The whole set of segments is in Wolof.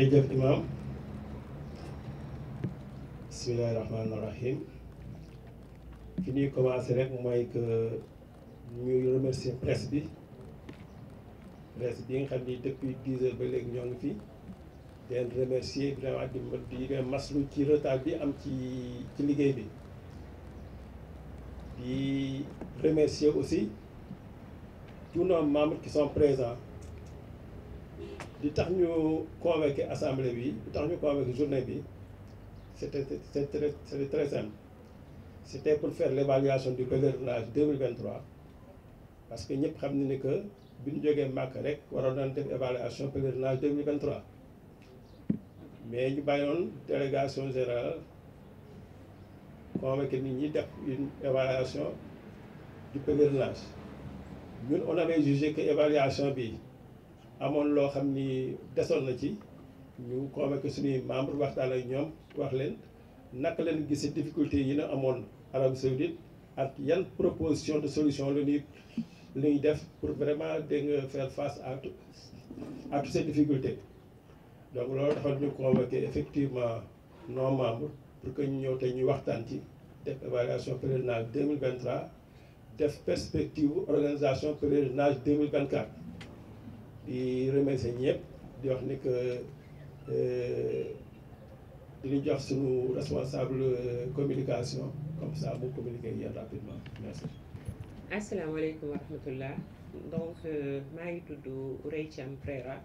jërëjëf imaam bismillahi rahmaani rahim fi ñuy commencé rek mooy que ñuy remercier press bi presse bi nga xam ni depuis dix heures ba léegi ñoo ngi fi leen remercier di di maslu ci retard bi am ci ci liggéey bi di remercier aussi tous nos membres qui sont présents li tax ñu convoqué assemblée bi li tax ñu convoqué journée bi c'était c'est très c'est très simple c'était pour faire l'évaluation du pèlerinage 2023 parce que ñëpp xam ne ni que bi ñu jógee Màkk rek waroon nañ def évaluation pèlerinage 2023 mais ñu bàyyoon délégation générale convoqué nit ñi def une évaluation du pèlerinage ñun on avait jugé que évaluation bi amoon loo xam ni desoon na ci ñu convoqué suñuy membre waxtaan ak ñoom wax leen naka leen gis difficulté yi ñu amoon Arabie Saoudite ak yan proposition de solution la ñuy la def pour vraiment dégg nga faire face à tout à toutes ces donc loolu dafa ñu convoqué effectivement nos membres pour que ñu ñëw te ñuy waxtaan ci def évaluation pèlerinage 2023 def perspective organisation pèlerinage 2024 di remercier ñëpp di wax ni que euh, di jox suñu responsable euh, communication comme ça bu communiquer yéen rapidement merci. asalaamaaleykum wa rahmatullah donc euh, maa ngi tudd Reytiam Prera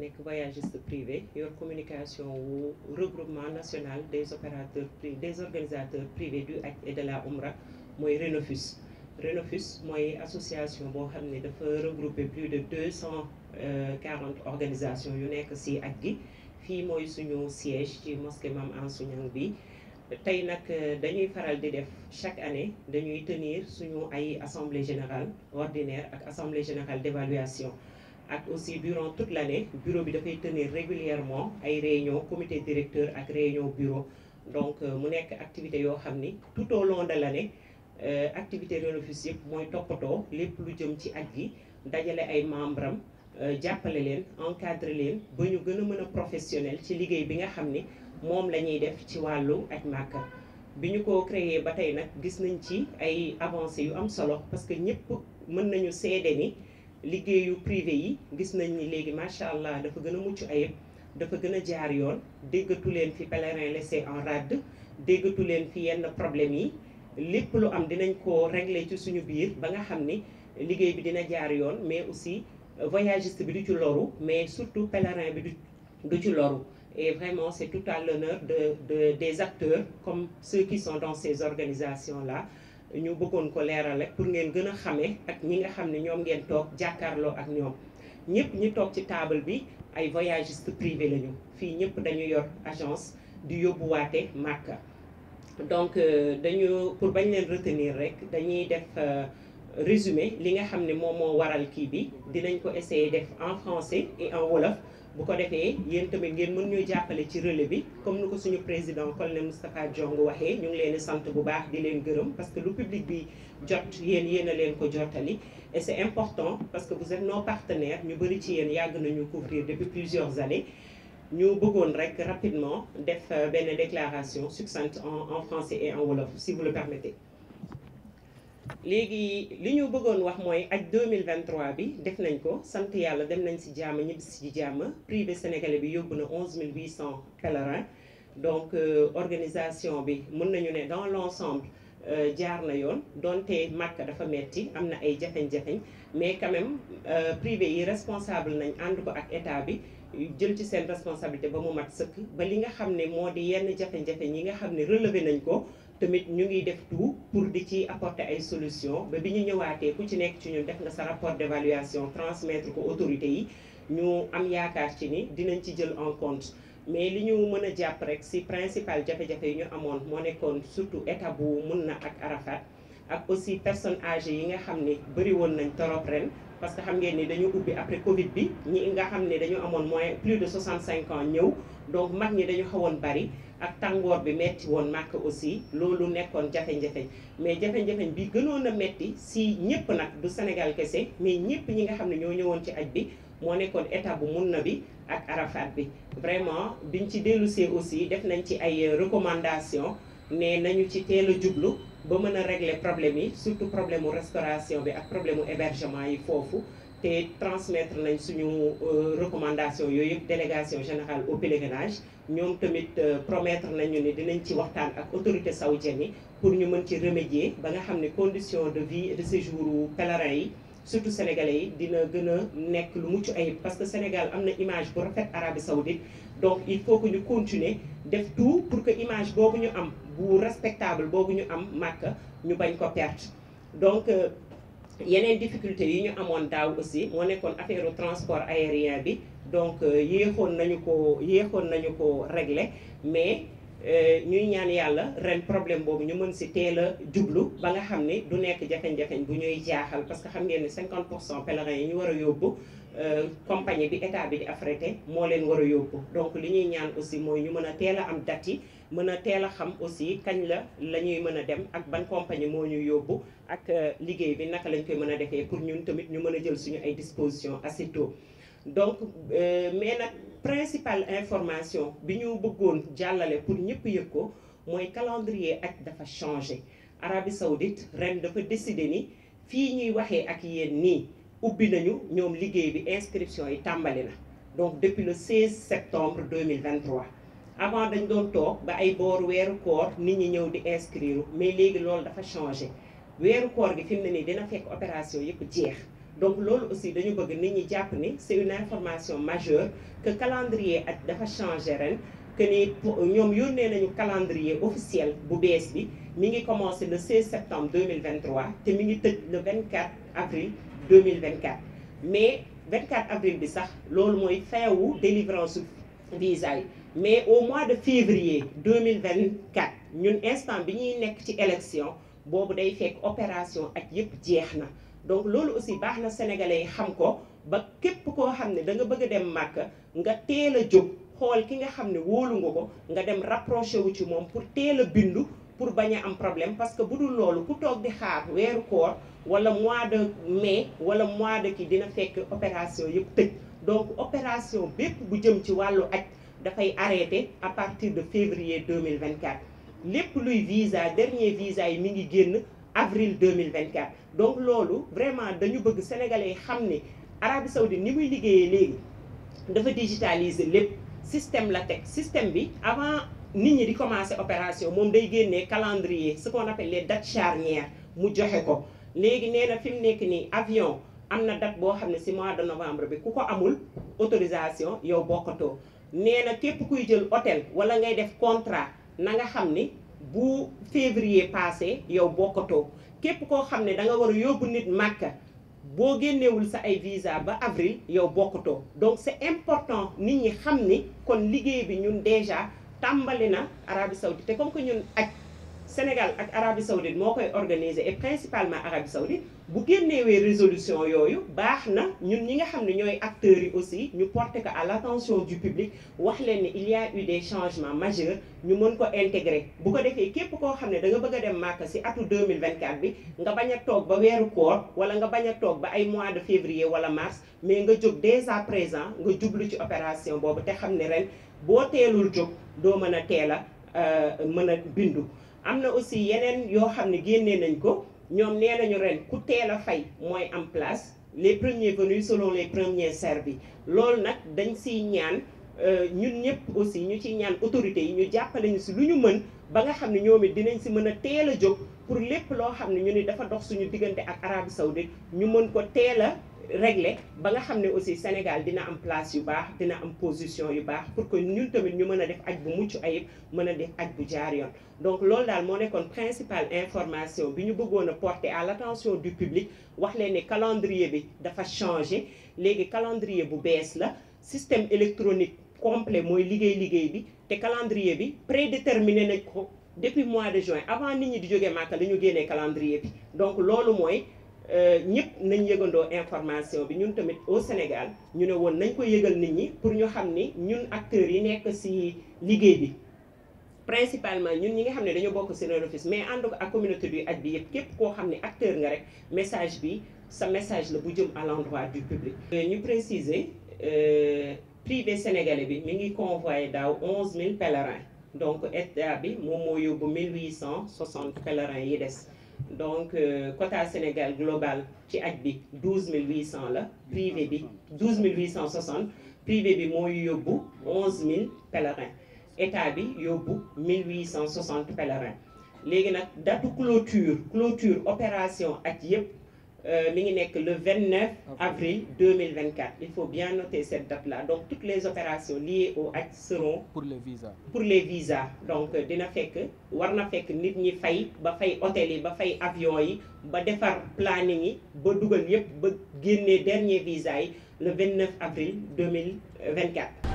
nekk voyagiste privé yor communication wu regroupement national des opérateurs des organisateurs privés du Hajj et de la Omra mooy Renofus. RENOFUS mooy association boo xam ne dafa regrouper plus de deux cent euh, quarante organisation yu nekk si at gi fii mooy suñu siège ci mosquée Mame en Niang bi tey nag euh, dañuy faral di def chaque année dañuy tenir suñu ay assemblée générale ordinaire ak assemblée générale d'évaluation ak aussi durant toute l'année bureau bi dafay tenir régulièrement ay réunion comité directeur ak réunion bureau donc euh, mu nekk activité yoo xam ni tout au long de Euh, activité Renofus yëpp mooy toppatoo lépp lu jëm ci aj gi dajale ay membre am euh, jàppale leen encadre leen ba ñu gën a mën a professionnel ci liggéey bi nga xam ni moom la ñuy def ci wàllu ak màkka bi ñu ko créé ba tey nag gis nañ ci ay avancées yu am solo parce que ñëpp mën nañu seede ni liggéeyu privé yi gis nañ ni léegi macha allah dafa gën a mucc ayib dafa gën a jaar yoon déggatu leen fi pèlerin laissé en radd déggatu leen fi yenn problème yi lépp lu am dinañ ko régler ci suñu biir ba nga xam ni liggéey bi dina jaar yoon mais aussi euh, voyagiste bi du ci loru mais surtout pèlerin bi du du ci loru et vraiment c'est tout à l'honneur de de des acteurs comme ceux qui sont dans ces organisations la ñu bëggoon ko leerale pour ngeen gën a xamee ak ñi nga xam ni ñoom ngeen toog jàkkaarloo ak ñoom ñëpp ñi toog ci table bi ay voyagistes privés lañu fii ñëpp dañu yor agence di yóbbuwaate Màkka donc euh, dañu pour bañ leen retenir rek dañuy def euh, résumé li nga xam ne moom moo waral kii bi dinañ ko essayer def en français et en wolof bu ko defee yéen tamit ngeen mën ñuy jàppale ci relais bi comme ni ko suñu président colonel Moustapha Diong waxee ñu ngi leen sant bu baax di leen gërëm parce que lu public bi jot yéen yéen leen ko jotali et c'est important parce que vous êtes nos partenaires ñu bëri ci yéen yàgg nañu couvrir depuis plusieurs années ñu bëggoon rek rapidement def euh, benn déclaration succincte en en français et en wolof si vous le permettez. léegi li ñu bëggoon wax mooy ak 2023 bi def nañ ko sant yàlla dem nañ si jàmm ñibbisi ci jàmm privé sénégalais bi yóbbu na onze 11 800 pèlerins donc euh, organisation bi mën nañu ne dans l' ensemble. Euh, jaar na yoon donte màkk dafa metti am na ay jafeñ-jafeñ mais quand même privé yi responsable nañ ànd ko ak état bi jël ci seen responsabilité ba mu mat sëkk ba li nga xam ne moo di yenn jafe-jafe ñi nga xam ne relever nañ ko tamit ñu ngi def tout pour di ci apporter ay solution ba bi ñu ñëwaatee ku ci nekk ci ñu def nga sa rapport d'évaluation transmettre ko autorité yi ñu am yaakaar ci ni dinañ ci jël en contre mais li ñu mën a jàpp rek si principal jafe-jafe yi ñu amoon moo nekkoon surtout état bu mun na ak Arafat ak aussi personnes age yi nga xam ni bëri woon nañ torop parce que xam ngeen ni dañu ubbi après Covid bi ñi nga xam ne dañu amoon moyen plus de 65 ans ñëw donc mag ñi dañu xawoon bari ak tàngoor bi metti woon màkk aussi loolu nekkoon jafe-jafe mais jafe-jafe bi gënoon a metti si ñëpp nag du Sénégal kese mais ñëpp ñi nga xam ne ñoo ñëwoon ci aj bi moo nekkoon état bu mun na bi ak Arafat bi vraiment biñ ci dellusee aussi def nañ ci ay recommandations ne nañu ci teel a jublu ba mën a régler problème yi surtout problème mu restauration bi ak problème mu hébergement yi foofu te transmettre nañ suñu euh, recommandation yooyu yëpp délégation générale au pèlerinage ñoom tamit euh, promettre nañu ni dinañ ci waxtaan ak autorité saoudienne yi pour ñu mën ci remédier ba nga xam ne condition de vie de séjour pèlerins yi surtout sénégalais yi dina gën a nekk lu mucc ay parce que Sénégal am na image bu rafet Arabie Saoudite donc il faut que ñu continuer def tou pour que image boobu ñu am bu respectable boobu ñu am màkk ñu bañ ko perte donc euh, yeneen difficulté yi ñu amoon daaw aussi moo nekkoon affaire transport aérien bi donc euh, yéexoon nañu ko yéexoon nañu ko régler mais euh, ñuy ñaan yàlla ren problème boobu ñu mën si teel a jublu ba nga xam ni du nekk jafeñ-jafeñ bu ñuy jaaxal parce que xam ngeen ni 50 pour cent pèlerins yi ñu war a yóbbu compagnie bi état bi di affrété moo leen war a yóbbu donc li ñuy ñaan aussi mooy ñu mën a teel a am date yi mën a teel a xam aussi kañ la la ñuy mën a dem ak ban compagnie moo ñu yóbbu ak euh, liggéey bi naka lañ koy mën a defee pour ñun tamit ñu mën a jël suñu ay disposition assez tôt donc euh, mais nag principale information bi ñu bëggoon jàllale pour ñëpp yëg ko mooy calendrier ak dafa changé Arabie Saoudite ren dafa décidé ni fii ñuy waxee ak yéen nii ubbi nañu ñoom liggéey bi inscription yi tàmbali na donc depuis le 16 septembre 2023 avant dañ doon toog ba ay booru weeru koor nit ñi ñëw di inscrire mais léegi loolu dafa changé weeru koor gi fi mu ne nii dina fekk opération yëpp jeex donc loolu aussi dañu bëgg nit ñi jàpp ni c'est une information majeure que calendrier at dafa changé ren que ni ñoom yónnee nañu calendrier officiel bu bees bi mi ngi commencé le 16 septembre 2023 te mi ngi tëj le 24 avril 2024 mais 24 avril bi sax loolu mooy fin wu délivrance visa mais au mois de février 2024 ñun instant bi ñuy nekk ci élection boobu day fekk opération ak yépp jeex na donc loolu aussi baax na sénégalais yi xam ko ba képp koo xam ne da nga bëgg a dem màkk nga teel a jóg xool ki nga xam ne wóolu nga ko nga dem rapproché wu ci moom pour teel a bindu pour bañ a am problème parce que bu dul loolu ku toog di xaar weeru koor wala mois de mais wala mois de kii dina fekk opération yëpp tëj donc opération bépp bu jëm ci wàllu aj dafay arrêté à partir de février 2024 lépp luy visa dernier visa yi mi ngi génn avril 2024 donc loolu vraiment dañu bëgg sénégalais yi xam ne Arabie Saoudite ni muy liggéeyee léegi dafa digitaliser lépp système la teg système bi avant nit ñi di commencer opération moom day génnee calendrier ce qu'on appelle les dates charnières mu joxe ko léegi nee na fi mu nekk nii avion am na date boo xam ne si mois de novembre bi ku ko amul autorisation yow bokkatoo nee na képp kuy jël hôtel wala ngay def contrat na nga xam ni bu février passé yow bokkatoo képp koo xam ne da nga war a yóbbu nit màkka boo génnewul sa ay visa ba avril yow bokkatoo donc c'est important nit ñi xam ni kon liggéey bi ñun déjà tàmbali na Arabie Saoudite te comme que ñun ak Sénégal ak Arabie Saoudite moo koy organiser et principalement Arabie Saoudite bu génnewee résolution yooyu baax na ñun ñi nga xam ne ñooy acteurs yi aussi ñu porter ko à la l'attention du public wax leen ne il y eu des changements majeurs ñu mën ko intégrer bu ko defee képp koo xam ne da nga bëgg a dem Màkka ci atu deux mille 2024 bi nga bañ a toog ba weeru koor wala nga bañ a toog ba ay mois de février wala mars mais nga jóg dès à présent nga jublu ci opération boobu te xam ne ren boo teelul jóg doo mën a teel a euh, mën a bindu am na aussi yeneen yoo xam ne génnee nañ ko ñoom nee nañu ren ku teel a fay mooy am place les premiers venus solon les premiers bi loolu nag dañ siy ñaan euh, ñun ñëpp aussi ñu ci ñaan autorités yi ñu jàppale ñu si lu ñu mën ba nga xam ne ñoom it dinañ si mën a teel a jóg pour lépp loo xam ne ñu ni dafa dox suñu diggante ak Arabie Saoudite ñu mën ko teel a régler ba nga xam ne aussi Sénégal dina am place yu baax dina am position yu baax pour que ñun tamit ñu mën a def aj bu mucc ayib mën a def aj bu jaar yoon donc loolu daal moo nekkoon principale information bi ñu bëggoon a porter à l'attention du public wax leen ne calendrier bi dafa changer léegi calendrier bu bees la système électronique complet mooy liggéey liggéey bi te calendrier bi prédéterminé nañ ko depuis mois de juin avant nit ñi di jógee Màkka la ñu génnee calendrier bi mooy Euh, ñëpp nañ yëgandoo information bi ñun tamit au Sénégal ñu ne woon nañ ko yëgal nit ñi pour ñu xam ni ñun acteurs yi nekk ci liggéey bi principalement ñun ñi nga xam ne dañoo bokk ci office mais ànd ak communauté bi ak bi yëpp képp koo xam ni acteur nga rek message bi sa message la bu jëm à l'endroit du public euh, ñu préciser euh, privé sénégalais bi mi ngi convoyé daaw onze mille pèlerins donc état bi moom moo yóbbu mille huit cent soixante pèlerins yi des donc euh, quota Sénégal global ci aj bi 12800 la privé bi 12860 privé bi mooy yóbbu 11000 pèlerins état bi yóbbu 1860 pèlerins léegi nag datu clôture clôture opération aj yëpp Euh, mi ngi nekk le 29 avril 2024 il faut bien noter cette date là donc toutes les opérations liées au hajj seront pour les visas pour les visas donc euh, dina fekk war na fekk nit ñi fay ba fay hôtel yi ba fay avion yi ba defar planning yi ba dugal yépp ba génnee dernier visa yi le 29 avril 2024